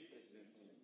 de president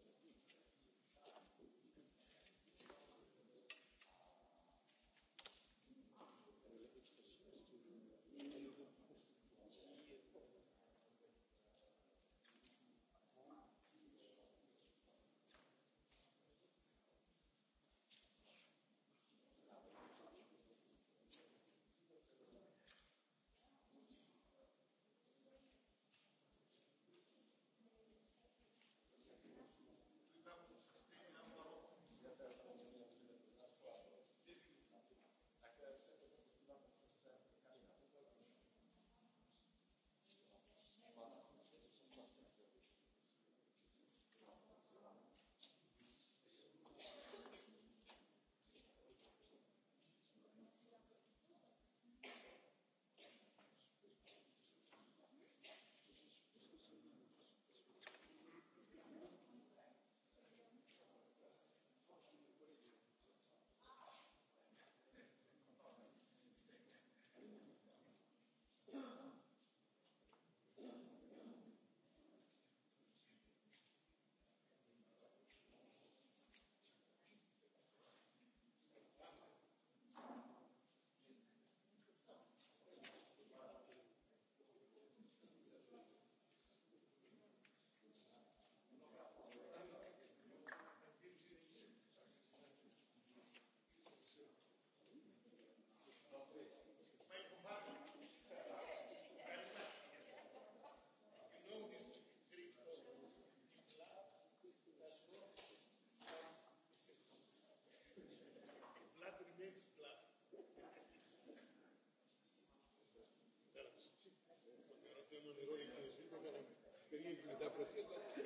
Περίεργη μετάφραση, αλλά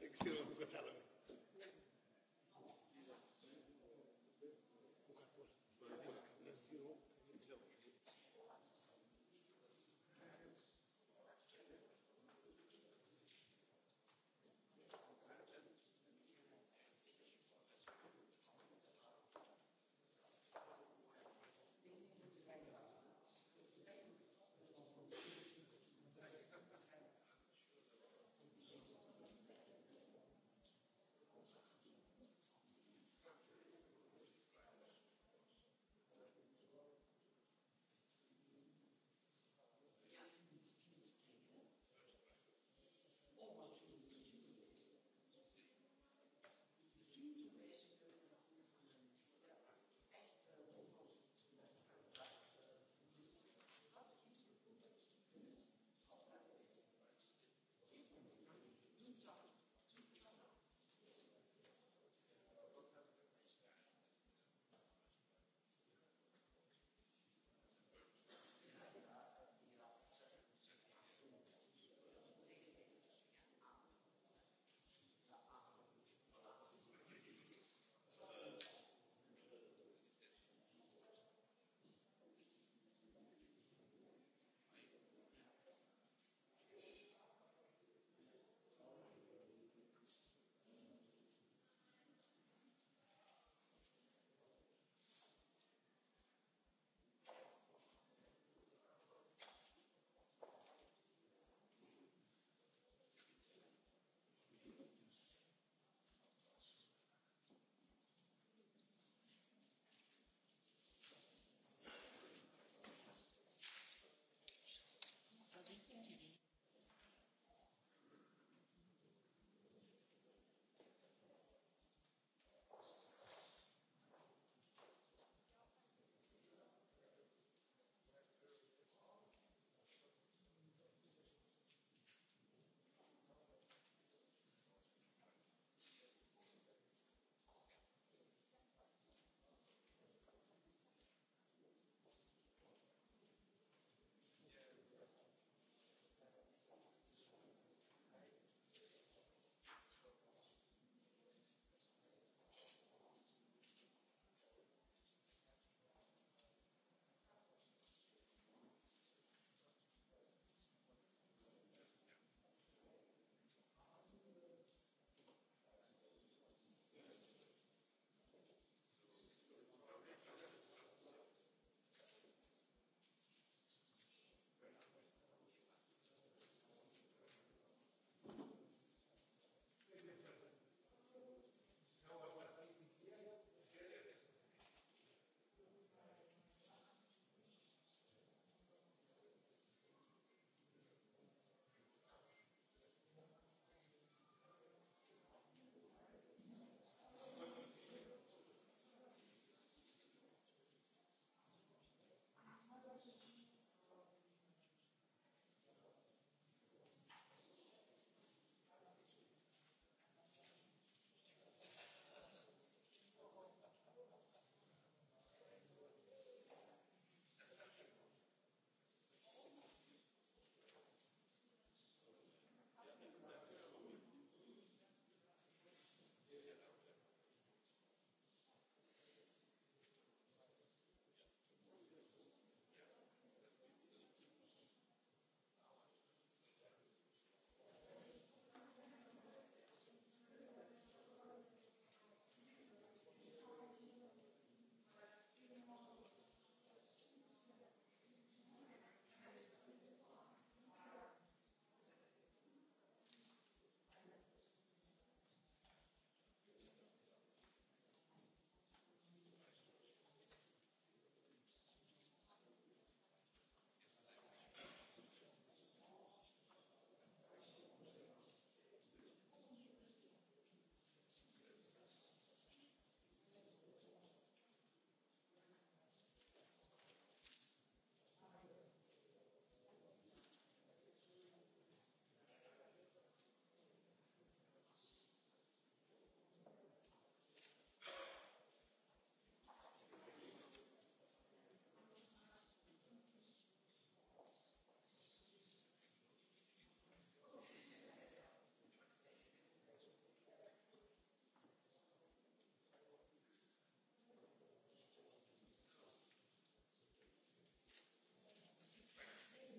δεν ξέρω αν το κατάλαβε.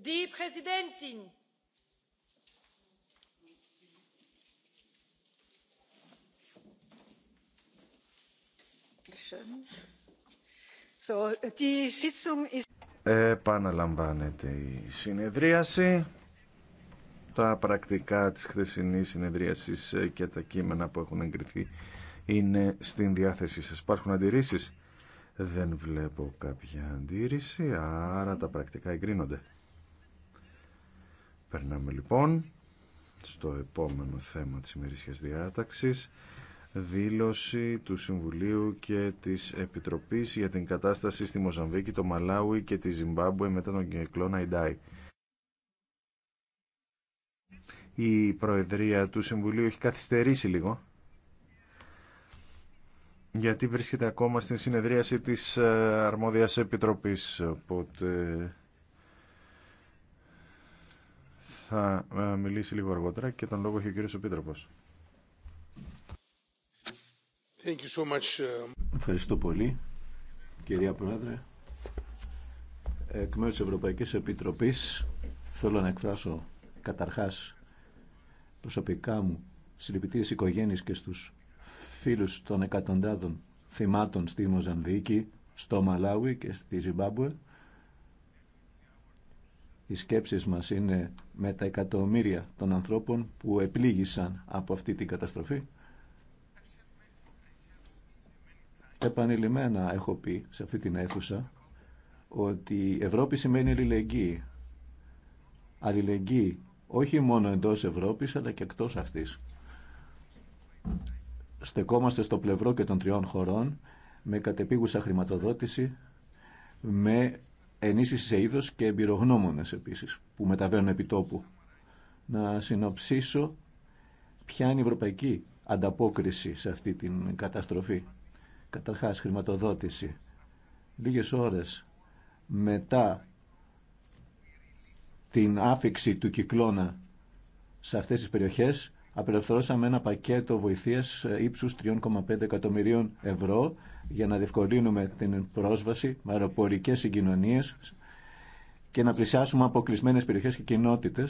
die επαναλαμβάνεται η συνεδρίαση τα πρακτικά της χθεσινή συνεδρίασης και τα κείμενα που έχουν εγκριθεί είναι στην διάθεσή σας υπάρχουν αντιρρήσεις δεν βλέπω κάποια αντίρρηση άρα τα πρακτικά εγκρίνονται Περνάμε λοιπόν στο επόμενο θέμα της ημερήσιας διάταξης δήλωση του Συμβουλίου και της Επιτροπής για την κατάσταση στη Μοζαμβίκη, το Μαλάουι και τη Ζιμπάμπουε μετά τον κυκλώνα Ιντάι. Η Προεδρία του Συμβουλίου έχει καθυστερήσει λίγο γιατί βρίσκεται ακόμα στην συνεδρίαση της ε, Αρμόδιας Επιτροπής οπότε θα ε, μιλήσει λίγο αργότερα και τον λόγο έχει ο κύριος Επίτροπος. Thank you so ε, Ευχαριστώ πολύ, κυρία Πρόεδρε. Εκ μέρους της Ευρωπαϊκής Επιτροπής θέλω να εκφράσω καταρχάς προσωπικά μου συλληπιτήρες οικογένειες και στους φίλους των εκατοντάδων θυμάτων στη Μοζαμβίκη, στο Μαλάουι και στη Ζιμπάμπουε οι σκέψεις μας είναι με τα εκατομμύρια των ανθρώπων που επλήγησαν από αυτή την καταστροφή. Επανειλημμένα έχω πει σε αυτή την αίθουσα ότι η Ευρώπη σημαίνει αλληλεγγύη. Αλληλεγγύη όχι μόνο εντός Ευρώπης αλλά και εκτός αυτής. Στεκόμαστε στο πλευρό και των τριών χωρών με κατεπίγουσα χρηματοδότηση, με ενίσχυση σε είδο και εμπειρογνώμονε επίση που μεταβαίνουν επί τόπου. Να συνοψίσω ποια είναι η ευρωπαϊκή ανταπόκριση σε αυτή την καταστροφή. Καταρχάς χρηματοδότηση. Λίγες ώρες μετά την άφηξη του κυκλώνα σε αυτές τις περιοχές απελευθερώσαμε ένα πακέτο βοηθείας ύψους 3,5 εκατομμυρίων ευρώ για να διευκολύνουμε την πρόσβαση με αεροπορικέ συγκοινωνίε και να πλησιάσουμε αποκλεισμένε περιοχέ και κοινότητε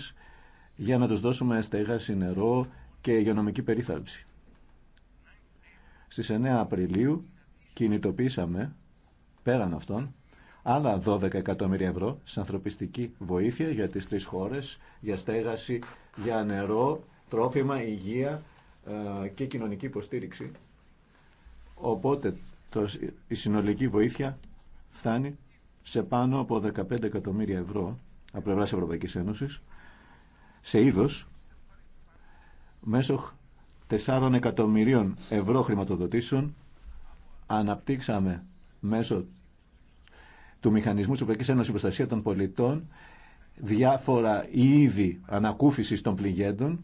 για να του δώσουμε στέγαση, νερό και υγειονομική περίθαλψη. Στι 9 Απριλίου κινητοποίησαμε πέραν αυτών άλλα 12 εκατομμύρια ευρώ σε ανθρωπιστική βοήθεια για τις τρεις χώρες, για στέγαση, για νερό, τρόφιμα, υγεία ε, και κοινωνική υποστήριξη. Οπότε η συνολική βοήθεια φτάνει σε πάνω από 15 εκατομμύρια ευρώ από πλευρά Ευρωπαϊκή Ένωση σε είδο μέσω 4 εκατομμυρίων ευρώ χρηματοδοτήσεων αναπτύξαμε μέσω του Μηχανισμού της Ευρωπαϊκής Ένωσης Προστασία των Πολιτών διάφορα είδη ανακούφισης των πληγέντων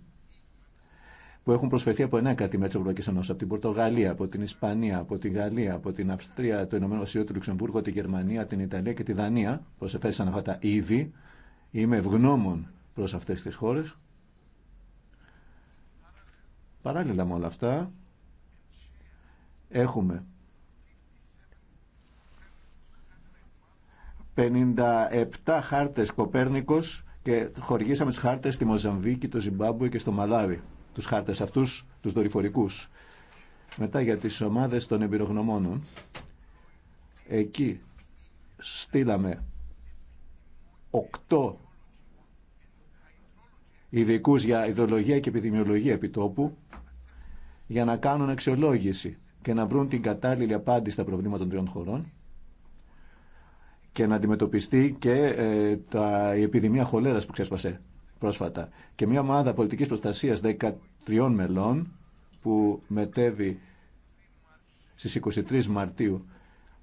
που έχουν προσφερθεί από εννέα κράτη-μέλη τη Ευρωπαϊκή Ένωση, από την Πορτογαλία, από την Ισπανία, από την Γαλλία, από την Αυστρία, το Ηνωμένο Βασίλειο, του Λουξεμβούργο, τη Γερμανία, την Ιταλία και τη Δανία. Προσεφέρθησαν αυτά τα είδη. Είμαι ευγνώμων προ αυτέ τι χώρε. Παράλληλα με όλα αυτά, έχουμε 57 χάρτες Κοπέρνικος και χορηγήσαμε τις χάρτες στη Μοζαμβίκη, το Ζιμπάμπουε και στο Μαλάβι τους χάρτες αυτούς, τους δορυφορικούς. Μετά για τις ομάδες των εμπειρογνωμόνων. Εκεί στείλαμε οκτώ ειδικού για ιδεολογία και επιδημιολογία επιτόπου για να κάνουν αξιολόγηση και να βρουν την κατάλληλη απάντηση στα προβλήματα των τριών χωρών και να αντιμετωπιστεί και ε, τα, η επιδημία χολέρας που ξέσπασε πρόσφατα. Και μια ομάδα πολιτικής προστασίας 13 μελών που μετέβη στις 23 Μαρτίου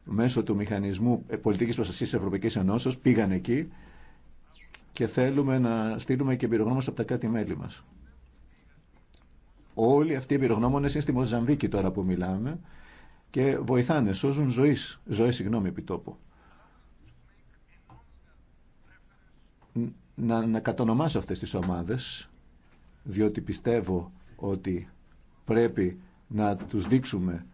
μέσω του Μηχανισμού Πολιτικής Προστασίας της Ευρωπαϊκής Ενώσεως πήγαν εκεί και θέλουμε να στείλουμε και εμπειρογνώμονες από τα κράτη-μέλη μας. Όλοι αυτοί οι εμπειρογνώμονες είναι στη Μοζαμβίκη τώρα που μιλάμε και βοηθάνε, σώζουν ζωής, ζωές συγγνώμη επιτόπου να κατονομάσω αυτές τις ομάδες, διότι πιστεύω ότι πρέπει να τους δείξουμε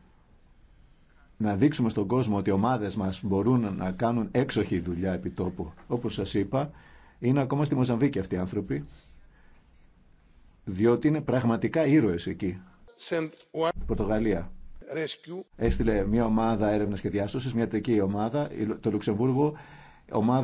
να δείξουμε στον κόσμο ότι οι ομάδες μας μπορούν να κάνουν έξοχη δουλειά επί τόπου. Όπως σας είπα, είναι ακόμα στη Μοζαμβίκη αυτοί οι άνθρωποι, διότι είναι πραγματικά ήρωες εκεί. Πορτογαλία. Έστειλε μια ομάδα έρευνας και διάσωσης, μια τρική ομάδα, το Λουξεμβούργο, ομάδα